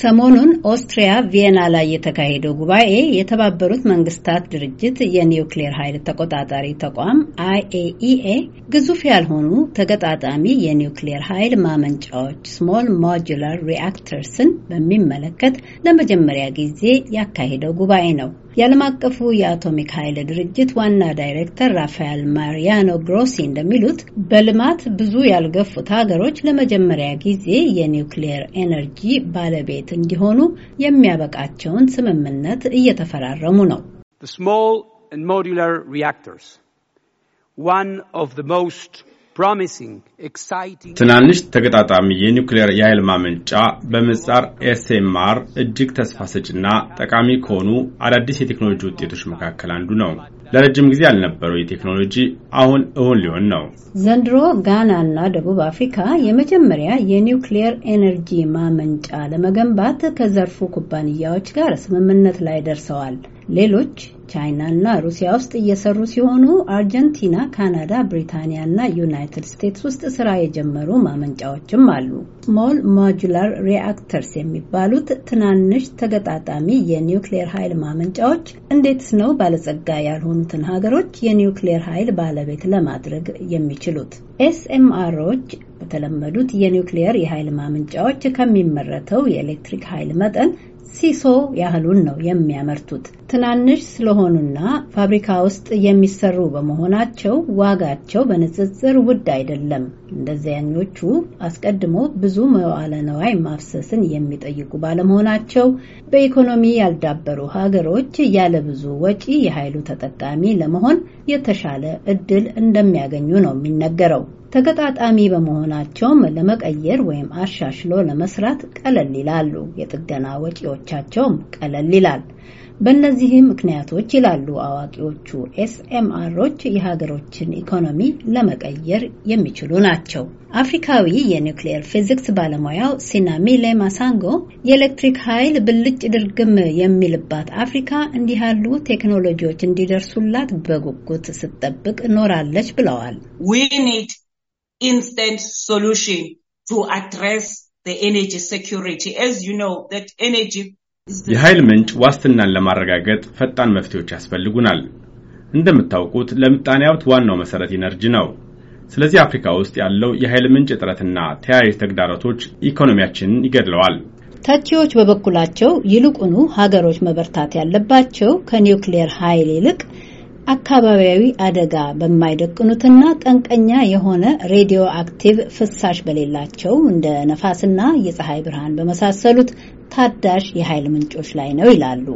ሰሞኑን ኦስትሪያ ቪየና ላይ የተካሄደው ጉባኤ የተባበሩት መንግስታት ድርጅት የኒውክሌር ኃይል ተቆጣጣሪ ተቋም አይኤኢኤ e ግዙፍ ያልሆኑ ተገጣጣሚ የኒውክሌር ኃይል ማመንጫዎች ስሞል ሞጁላር ሪአክተርስን በሚመለከት ለመጀመሪያ ጊዜ ያካሄደው ጉባኤ ነው። የዓለም አቀፉ የአቶሚክ ኃይል ድርጅት ዋና ዳይሬክተር ራፋኤል ማሪያኖ ግሮሲ እንደሚሉት በልማት ብዙ ያልገፉት ሀገሮች ለመጀመሪያ ጊዜ የኒውክሌር ኤነርጂ ባለቤት ባለቤት እንዲሆኑ የሚያበቃቸውን ስምምነት እየተፈራረሙ ነው። ትናንሽ ተገጣጣሚ የኒውክሌር የኃይል ማመንጫ በምጻር ኤስኤምአር እጅግ ተስፋ ሰጭና ጠቃሚ ከሆኑ አዳዲስ የቴክኖሎጂ ውጤቶች መካከል አንዱ ነው። ለረጅም ጊዜ ያልነበረው የቴክኖሎጂ አሁን እውን ሊሆን ነው። ዘንድሮ ጋና እና ደቡብ አፍሪካ የመጀመሪያ የኒውክሊየር ኤነርጂ ማመንጫ ለመገንባት ከዘርፉ ኩባንያዎች ጋር ስምምነት ላይ ደርሰዋል። ሌሎች ቻይና እና ሩሲያ ውስጥ እየሰሩ ሲሆኑ አርጀንቲና፣ ካናዳ፣ ብሪታንያ እና ዩናይትድ ስቴትስ ውስጥ ስራ የጀመሩ ማመንጫዎችም አሉ። ስሞል ሞጁላር ሪአክተርስ የሚባሉት ትናንሽ ተገጣጣሚ የኒውክሌር ኃይል ማመንጫዎች እንዴት ነው ባለጸጋ ያልሆኑትን ሀገሮች የኒውክሌር ኃይል ባለቤት ለማድረግ የሚችሉት? ኤስኤምአሮች በተለመዱት የኒውክሌር የኃይል ማመንጫዎች ከሚመረተው የኤሌክትሪክ ኃይል መጠን ሲሶ ያህሉን ነው የሚያመርቱት። ትናንሽ ስለሆኑና ፋብሪካ ውስጥ የሚሰሩ በመሆናቸው ዋጋቸው በንጽጽር ውድ አይደለም። እንደዚያኞቹ አስቀድሞ ብዙ መዋለ ነዋይ ማፍሰስን የሚጠይቁ ባለመሆናቸው በኢኮኖሚ ያልዳበሩ ሀገሮች ያለ ብዙ ወጪ የኃይሉ ተጠቃሚ ለመሆን የተሻለ እድል እንደሚያገኙ ነው የሚነገረው። ተገጣጣሚ በመሆናቸውም ለመቀየር ወይም አሻሽሎ ለመስራት ቀለል ይላሉ። የጥገና ወጪዎቻቸውም ቀለል ይላል። በእነዚህም ምክንያቶች ይላሉ አዋቂዎቹ ኤስኤምአሮች የሀገሮችን ኢኮኖሚ ለመቀየር የሚችሉ ናቸው። አፍሪካዊ የኒውክሊየር ፊዚክስ ባለሙያው ሲናሚሌ ማሳንጎ የኤሌክትሪክ ኃይል ብልጭ ድርግም የሚልባት አፍሪካ እንዲህ ያሉ ቴክኖሎጂዎች እንዲደርሱላት በጉጉት ስትጠብቅ ኖራለች ብለዋል። ኢንስተንት ሶሉሽን ቱ አድረስ ኤነርጂ ሴኩሪቲ ኤዝ ኤነርጂ የኃይል ምንጭ ዋስትናን ለማረጋገጥ ፈጣን መፍትሄዎች ያስፈልጉናል። እንደምታውቁት ለምጣኔ ሀብት ዋናው መሰረት ኢነርጂ ነው። ስለዚህ አፍሪካ ውስጥ ያለው የኃይል ምንጭ እጥረትና ተያያዥ ተግዳሮቶች ኢኮኖሚያችንን ይገድለዋል። ተቺዎች በበኩላቸው ይልቁኑ ሀገሮች መበርታት ያለባቸው ከኒውክሌር ኃይል ይልቅ አካባቢያዊ አደጋ በማይደቅኑትና ጠንቀኛ የሆነ ሬዲዮ አክቲቭ ፍሳሽ በሌላቸው እንደ ነፋስና የፀሐይ ብርሃን በመሳሰሉት ታዳሽ የኃይል ምንጮች ላይ ነው ይላሉ።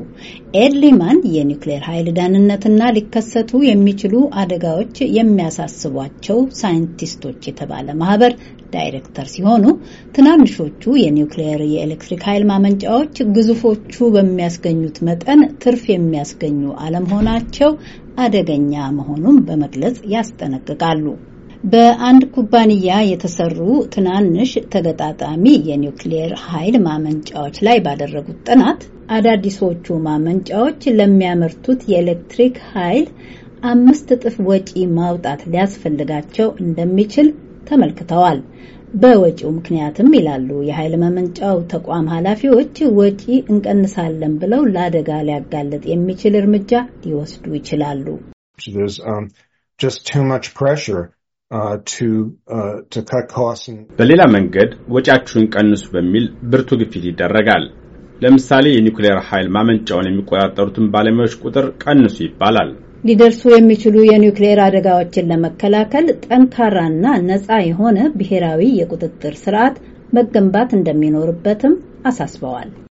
ኤድሊማን የኒውክሌር ኃይል ደህንነትና ሊከሰቱ የሚችሉ አደጋዎች የሚያሳስቧቸው ሳይንቲስቶች የተባለ ማህበር ዳይሬክተር ሲሆኑ ትናንሾቹ የኒውክሌር የኤሌክትሪክ ኃይል ማመንጫዎች ግዙፎቹ በሚያስገኙት መጠን ትርፍ የሚያስገኙ አለመሆናቸው አደገኛ መሆኑን በመግለጽ ያስጠነቅቃሉ። በአንድ ኩባንያ የተሰሩ ትናንሽ ተገጣጣሚ የኒውክሌር ኃይል ማመንጫዎች ላይ ባደረጉት ጥናት አዳዲሶቹ ማመንጫዎች ለሚያመርቱት የኤሌክትሪክ ኃይል አምስት እጥፍ ወጪ ማውጣት ሊያስፈልጋቸው እንደሚችል ተመልክተዋል። በወጪው ምክንያትም ይላሉ የኃይል ማመንጫው ተቋም ኃላፊዎች ወጪ እንቀንሳለን ብለው ለአደጋ ሊያጋልጥ የሚችል እርምጃ ሊወስዱ ይችላሉ። Uh, uh, በሌላ መንገድ ወጪያችሁን ቀንሱ በሚል ብርቱ ግፊት ይደረጋል። ለምሳሌ የኒውክሌር ኃይል ማመንጫውን የሚቆጣጠሩትን ባለሙያዎች ቁጥር ቀንሱ ይባላል። ሊደርሱ የሚችሉ የኒውክሌር አደጋዎችን ለመከላከል ጠንካራና ነፃ የሆነ ብሔራዊ የቁጥጥር ስርዓት መገንባት እንደሚኖርበትም አሳስበዋል።